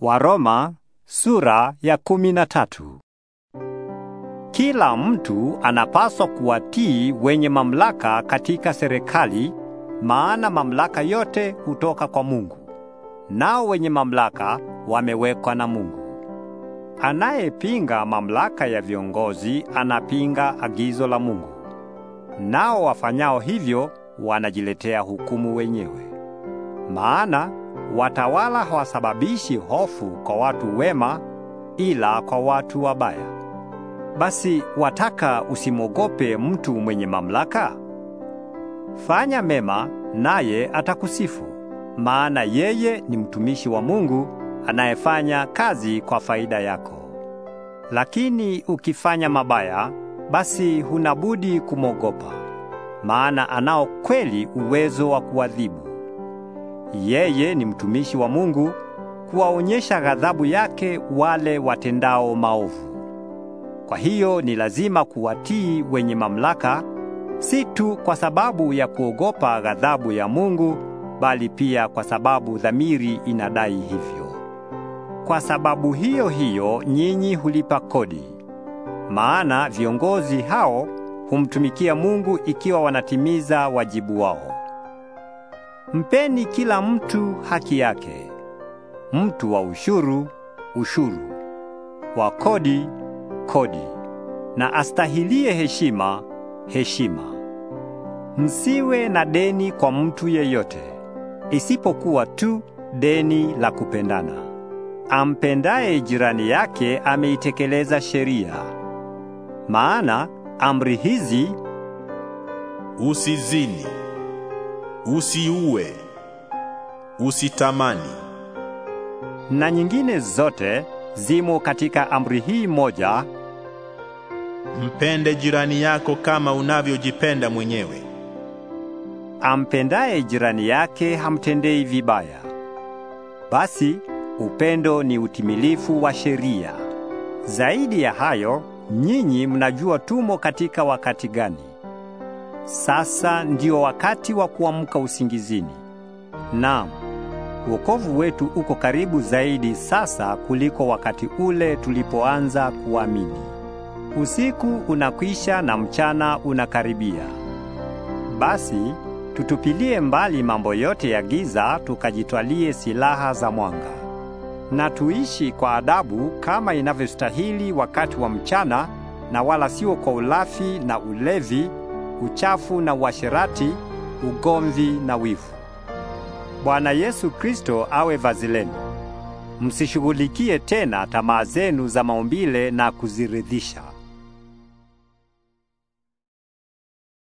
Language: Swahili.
Waroma sura ya kumi na tatu. Kila mtu anapaswa kuwatii wenye mamlaka katika serikali, maana mamlaka yote hutoka kwa Mungu. Nao wenye mamlaka wamewekwa na Mungu. Anayepinga mamlaka ya viongozi anapinga agizo la Mungu. Nao wafanyao hivyo wanajiletea hukumu wenyewe. Maana Watawala hawasababishi hofu kwa watu wema, ila kwa watu wabaya. Basi wataka usimwogope mtu mwenye mamlaka? Fanya mema naye atakusifu, maana yeye ni mtumishi wa Mungu anayefanya kazi kwa faida yako. Lakini ukifanya mabaya, basi hunabudi kumwogopa, maana anao kweli uwezo wa kuadhibu. Yeye ni mtumishi wa Mungu kuwaonyesha ghadhabu yake wale watendao maovu. Kwa hiyo ni lazima kuwatii wenye mamlaka, si tu kwa sababu ya kuogopa ghadhabu ya Mungu, bali pia kwa sababu dhamiri inadai hivyo. Kwa sababu hiyo hiyo nyinyi hulipa kodi, maana viongozi hao humtumikia Mungu ikiwa wanatimiza wajibu wao. Mpeni kila mtu haki yake, mtu wa ushuru ushuru, wa kodi kodi, na astahilie heshima heshima. Msiwe na deni kwa mtu yeyote, isipokuwa tu deni la kupendana. Ampendaye jirani yake ameitekeleza sheria. Maana amri hizi: usizini usiue, usitamani na nyingine zote zimo katika amri hii moja: mpende jirani yako kama unavyojipenda mwenyewe. Ampendaye jirani yake hamtendei vibaya. Basi upendo ni utimilifu wa sheria. Zaidi ya hayo, nyinyi mnajua tumo katika wakati gani. Sasa ndio wakati wa kuamka usingizini. Naam, wokovu wetu uko karibu zaidi sasa kuliko wakati ule tulipoanza kuamini. Usiku unakwisha na mchana unakaribia. Basi tutupilie mbali mambo yote ya giza, tukajitwalie silaha za mwanga na tuishi kwa adabu kama inavyostahili wakati wa mchana, na wala sio kwa ulafi na ulevi uchafu na uasherati, ugomvi na wivu. Bwana Yesu Kristo awe vazi lenu. Msishughulikie tena tamaa zenu za maumbile na kuziridhisha.